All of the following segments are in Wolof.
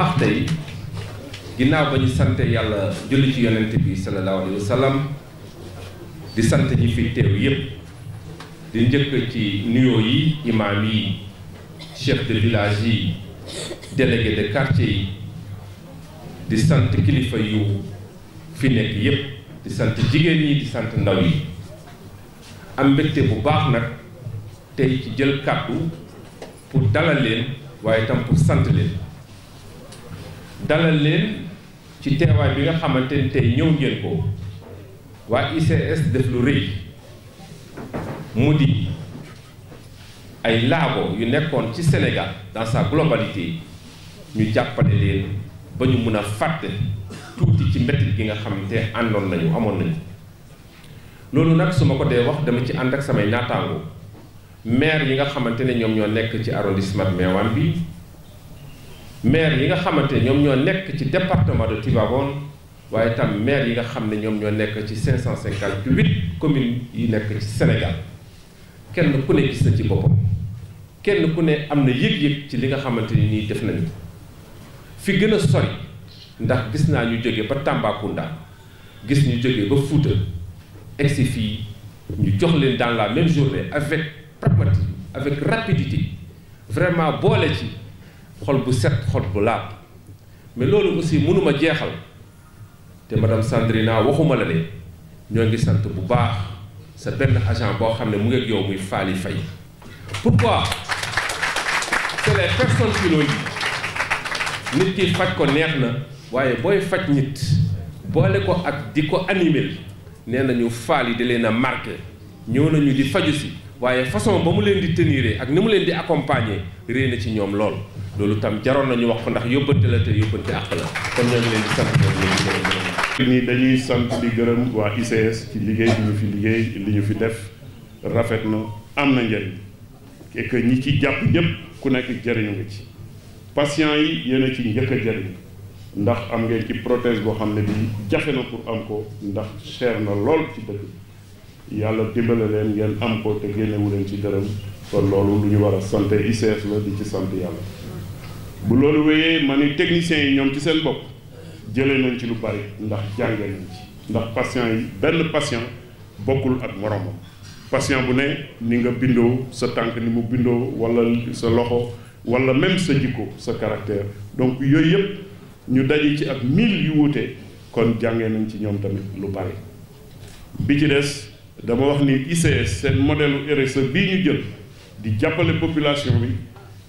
ax tey ginnaaw ñu sante yàlla julli ci yonent bi sallallahu alayhi di sant ñi fi teew yépp di njëkk ci nuyoo yi imaam yi chef de village yi délégué de quartier yi di sant kilifa yu fi nekk yépp di sant jigéen ñi di sant ndaw yi am mbégte bu baax nag tey ci jël kàddu pour dalal leen waaye tam pour sant leen dalal leen ci teewaay bi nga xamante ni tey ñëw ngeen ko waa ICS def lu rëy mu di ay laago yu nekkoon ci Sénégal dans sa globalité ñu jàppale leen ba ñu mun a fàtte tuuti ci métit gi nga xamante àndoon nañu amoon nañ loolu nag su ma ko dee wax dama ci ànd ak samay naataango maire yi nga xamante ne ñoom ñoo nekk ci arrondissement Meouane bi maire yi nga xamante ñoom ñoo nekk ci département de Tivaouane waaye tam maire yi nga xam ne ñoom ñoo nekk ci 558 communes yi nekk ci Sénégal kenn ku ne gis na ci boppam kenn ku ne am na yëg-yëg ci li nga xamante ni nii def nañu fi gën a sori ndax gis naa ñu jóge ba Tambacounda gis ñu jóge ba Fouta si fii ñu jox leen dans la même journée avec pragmatisme avec rapidité vraiment boole ci. xol bu set xol bu laab mais loolu aussi mënuma jeexal te ma madame Sandrina waxuma la ne ñoo ngi sant bu baax sa benn agent boo xam ne mu ngi yow muy faali fay pourquoi c'est les personnes qui l'ont nit ki faj ko neex na waaye booy faj nit boole ko ak di ko animer nee nañu faal yi di leen a marqué ñëw nañu di faju si waaye façon ba mu leen di tenir ak ni mu leen di accompagner réer na ci ñoom lool loolu tam jaroon nañu wax ko ndax yóbbante la te yóbbante àq la kon ñoo ngi leen di sant ñoom ni dañuy sant di gërëm waa ICS ci liggéey bi ñu fi liggéey li ñu fi def rafet na am na njëriñ et que ñi ci jàpp ñëpp ku nekk jëriñu nga ci patient yi yéen a ci njëkk a ndax am ngeen ci prothèse boo xam ne bi jafe na pour am ko ndax cher na lool ci dëkk yàlla dimbale leen ngeen am ko te génnewu leen ci dërëm kon loolu lu ñu war a sant ICS la di ci sant yàlla bu loolu wéyee ma ni techniciens yi ñoom ci seen bopp jëlee nañ ci lu bari ndax jànge nañ ci ndax patient yi benn patient bokkul ak moromam patient bu ne ni nga bindoo sa tànk ni mu bindoo walla sa loxo wala même sa jikko sa caractère donc yooyu yëpp ñu daje ci ak mille yu wuute kon jàngee nañ ci ñoom tamit lu bari bi ci des dama wax ni ICS seen modèle RSE bii ñu jël di jàppale population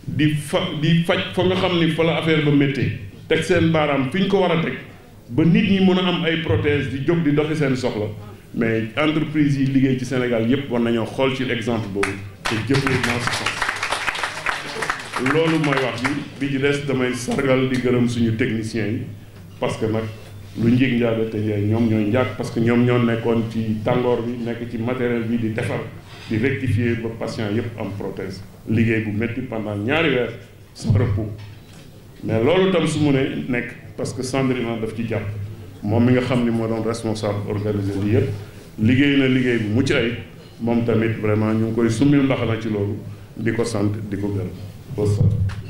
bi di fa di faj fa nga xam ni fa la affaire ba méttee teg seen baaraam fi ñu ko war a teg ba nit ñi mën a am ay prothèses di jóg di doxi seen soxla mais entreprise yi liggéey ci Sénégal yépp war nañoo xool ci exemple boobu te jëfee dans ce loolu mooy wax bi bi ci des damay sargal di gërëm suñu techniciens yi parce que nag lu njiig njaabe te yooyu ñoom ñooy njaag parce que ñoom ñoo nekkoon ci tàngoor bi nekk ci matériel bi di defar di rectifier ba patient yëpp am prothèse liggéey bu métti pendant ñaari weer sans repos mais loolu tam su mu ne nekk parce que Sandrina daf ci jàpp moom mi nga xam ni moo doon responsable organisé li yëpp liggéey na liggéey bu mucc ay moom tamit vraiment ñu ngi koy summil mbaxana ci loolu di ko sant di ko gërëm